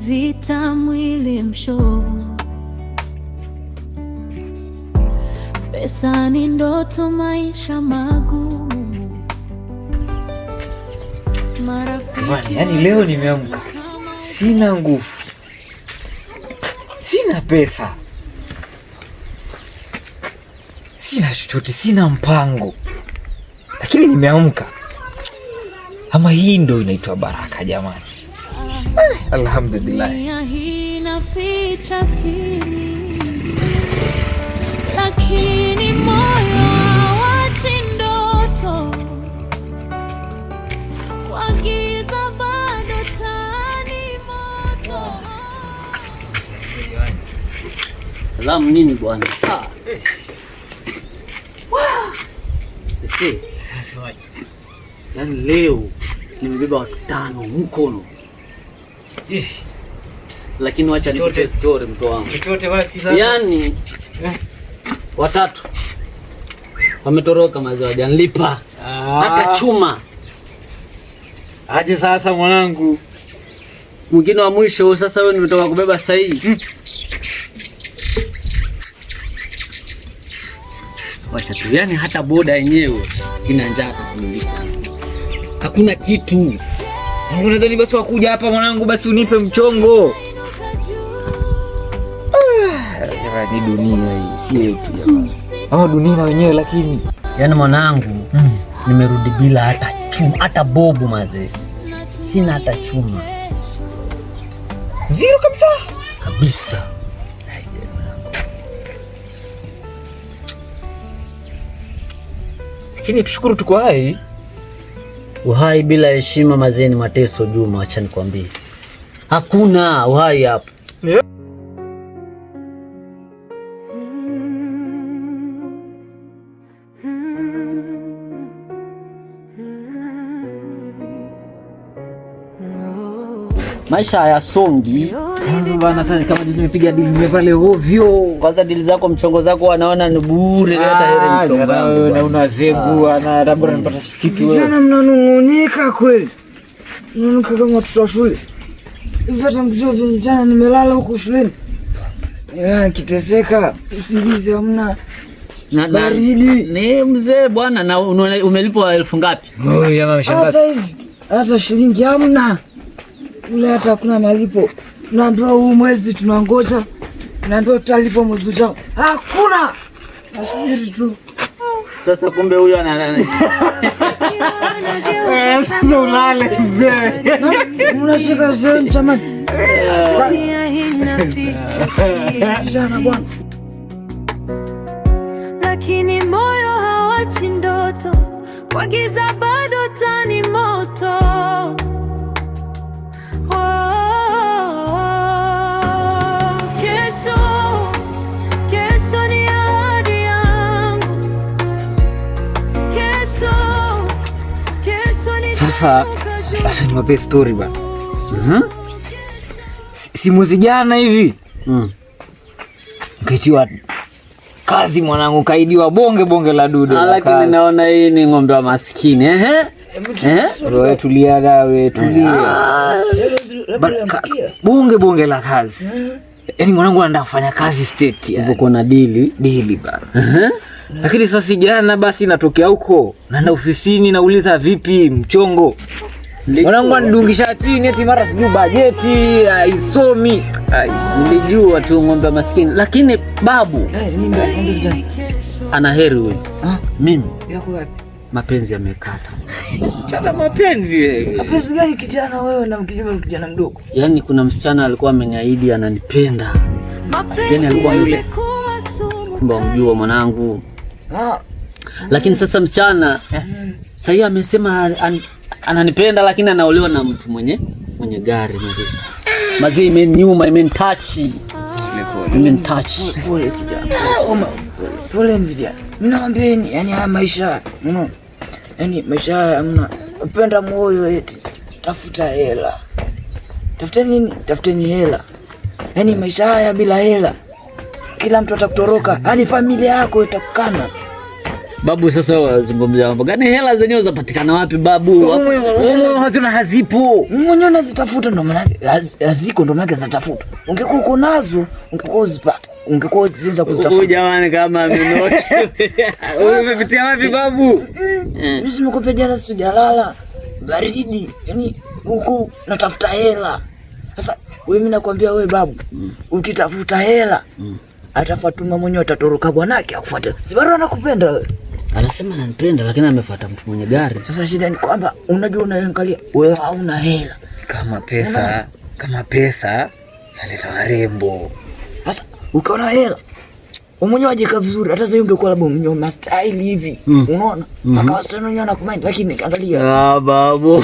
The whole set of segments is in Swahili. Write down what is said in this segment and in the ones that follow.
vita, mwili msho, Pesa ni ndoto, maisha magumu. Marafiki, yani yaani leo nimeamka sina nguvu, sina pesa, sina chochote, sina mpango, lakini nimeamka. Ama hii ndo inaitwa baraka jamani. Alhamdulillah. Dunia inaficha siri, lakini moyo hawachi ndoto. Kwa giza bado tani moto. Salamu nini bwana? Ah. Yaani leo nimebeba watu tano mkono lakini wacha nikupe story mtu wangu. Yaani eh? watatu wametoroka mazaji anlipa ah. hata chuma aje. Sasa mwanangu, mwingine wa mwisho sasa, wewe nimetoka kubeba sasa hivi hmm. Wacha tu, yaani hata boda yenyewe ina njaa kuliko, hakuna kitu Unadhani basi wakuja hapa mwanangu, basi unipe mchongo? Ah, ni dunia hii, si yetu jamani. Ama dunia na wenyewe lakini, yaani mwanangu, mm, nimerudi bila hata chuma hata bobu maze, sina hata chuma, zero kabisa kabisa. Lakini tushukuru tuko hai. Uhai bila heshima mazeni mateso, Juma, acha nikwambie, hakuna uhai hapo. maisha Maisha hayasongi kama nimepiga dili nimevale ovyo. Kwanza dili zako mchongo zako wanaona ni bure, hata heri ah, mchongo unazegua ah. na labda unapata kitu wewe. Vijana mnanungunika kweli, mnanuka kama watoto wa shule hivi. Hata mkijua vijana, nimelala huku shuleni nikiteseka, usingizi hamna na baridi. Ni mzee bwana, na umelipwa elfu ngapi? Hata hivi hata shilingi hamna ule, hata hakuna malipo Tunaambiwa huu mwezi tunangoja, tunaambiwa tutalipo mwezi ujao. Hakuna, nasubiri tu sasa. Kumbe huyo ulale mzee, unashika sehemu jamani, vijana bwana, lakini moyo hawachi ndoto kwa giza bado Sasa acha niwape story bwana. -hmm. Si mwezi jana hivi. mm. Kaitiwa kazi mwanangu, kaidiwa bonge bonge la dudu. Lakini naona hii ni ng'ombe wa maskini. Ehe. Ehe. Tulia dawe, eh, tulia. Ah. Bonge bonge la kazi. Eh. Yaani mwanangu anataka kufanya kazi state. Hivyo kuna dili, dili bana. Ehe. Lakini sasa jana basi natokea huko naenda ofisini, nauliza vipi mchongo mwanangu anidungisha chini eti mara sijui bajeti aisomi Nilijua tu ng'ombe maskini, lakini babu eh, ana heri huyu. Ah? Mimi mapenzi yamekata. Chana mapenzi wewe. Mapenzi gani kijana wewe na kijana mdogo? Yaani kuna msichana alikuwa ameniahidi ananipenda. Yaani alikuwa amejua mwanangu lakini sasa msichana eh, sasa hivi amesema ananipenda lakini anaolewa na mtu mwenye mwenye gari mzee. Mazee imeniuma, imenitouch. Imenitouch. Pole kijana. Ah, pole mzee. Mnaambieni yani haya maisha. Yaani maisha haya mna upenda moyo eti tafuta hela. Tafuta nini? Tafuta ni hela. Yaani maisha haya bila hela kila mtu atakutoroka. Yaani familia yako itakukana. Babu, sasa wazungumzia mambo gani? Hela zenyewe zapatikana wapi babu? Hazina, hazipo. Mwenyewe unazitafuta, Ndo maana haziko, ndo maana zinatafuta. Ungekuwa uko nazo, ungekuwa uzipata, ungekuwa uzinza kuzitafuta. Huyu jamani, kama minoki wewe umepitia wapi babu? Mm, mimi simekupa jana, sijalala baridi, yani huko natafuta hela. Sasa wewe, mimi nakwambia wewe babu, mm. ukitafuta hela mm. atafatuma mwenyewe, atatoroka bwanake akufuate. Si bado anakupenda wewe? Anasema ananipenda lakini amefuata mtu mwenye gari. Sasa shida ni kwamba unajua, unaangalia wewe hauna hela. Kama pesa, kama pesa naleta warembo. Sasa ukiona hela umunywaji ka vizuri, hata sasa ungekuwa labda umenyoa mastaili hivi, mm. unaona mm-hmm. mpaka wasichana wenyewe wanakumind, lakini angalia, ah babu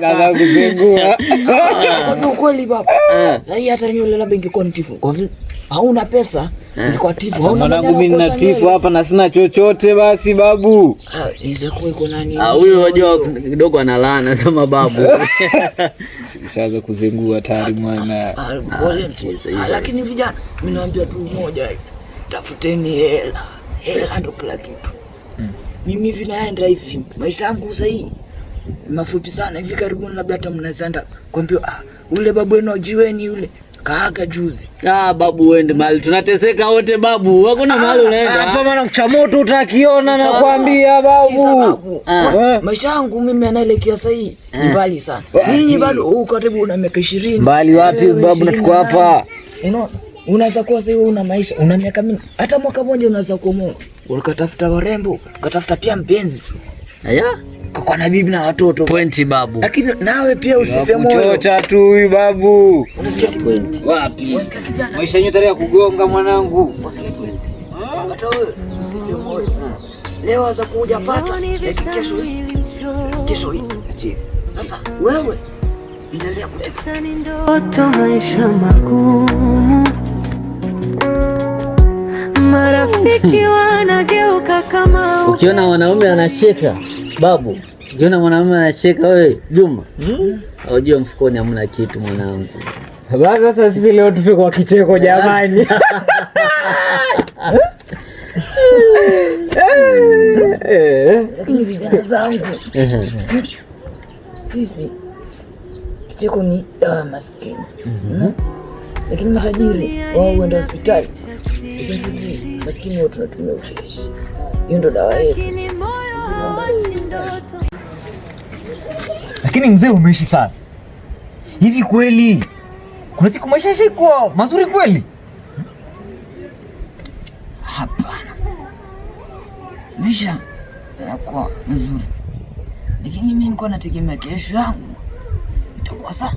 kaza kupingua kwa kweli baba, hii eh. hata nywele labda ingekuwa ntifu kwa vile hauna pesa eh. nilikuwa tifu, hauna mwanangu, mimi na tifu hapa na sina chochote. Basi babu, ah, niweze kuwa iko nani ah, huyo, wajua kidogo analana sema babu shaanza kuzingua tayari mwana, ah, lakini vijana mimi naambia tu moja hivi tafuteni hela, hela ndo kila kitu. Hmm. Mimi vinaenda hivi maisha yangu sasa hii mafupi sana hivi karibuni, labda hata mnazanda kwambia ah, ule babu wenu ajiweni yule kaaga juzi. Ah, babu wende mali tunateseka wote babu, hakuna mahali ah, unaenda ah, hapa, maana cha moto utakiona. Nakwambia babu, ah. eh. maisha yangu mimi anaelekea sasa hii ni mbali sana. Ninyi bado uko karibu na miaka 20. Mbali wapi eh, babu, natuko hapa unaona Unaweza kuwa sasa una maisha, una miaka mingi, hata mwaka mmoja unaweza kuomoa. Ukatafuta warembo, ukatafuta pia mpenzi. Aya, kwa na bibi na watoto. Pointi babu. Lakini nawe pia usife moyo. Chocha tu huyu babu. Unasikia Wapi? Maisha yenyewe tarehe ya kugonga mwanangu. Unasikia pointi. Hata wewe usife moyo. Leo aza kuja pata, kesho hii. Kesho hii. Sasa wewe endelea kulesa. Ndoto maisha magumu. Ukiona mwanaume anacheka babu, ukiona mwanaume anacheka wewe Juma, aujue hmm? mfukoni hamna kitu mwanangu. Basi sasa sisi leo tufike kwa kicheko jamani. Lakini eh. vijana zangu sisi kicheko ni dawa maskini. Mhm. Hmm? lakini matajiri wao huenda hospitali, lakini sisi maskini wote tunatumia ucheshi. Hiyo ndo dawa yetu. Lakini mzee, umeishi sana hivi kweli? Kuna siku maisha yashaikuwa mazuri kweli? Hapana, maisha yanakuwa mzuri lakini mimi nilikuwa nategemea kesho yangu itakuwa sawa,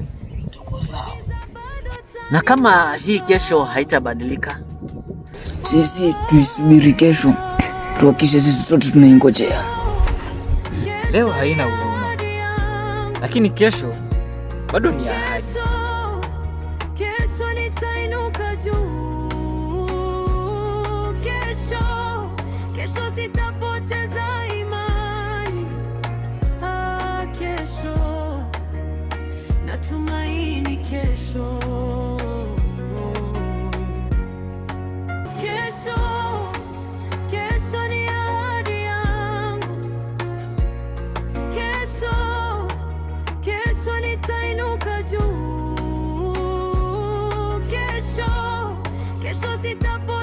itakuwa sawa na kama hii kesho haitabadilika, sisi tuisubiri kesho, tuhakishe sisi sote tunaingojea. Leo haina huruma, lakini kesho bado ni ahadi. Kesho nitainuka juu, kesho, kesho sitapoteza imani. Ah, kesho natumaini, kesho saj nuk ka gjumë Kesho, kesho si të bërë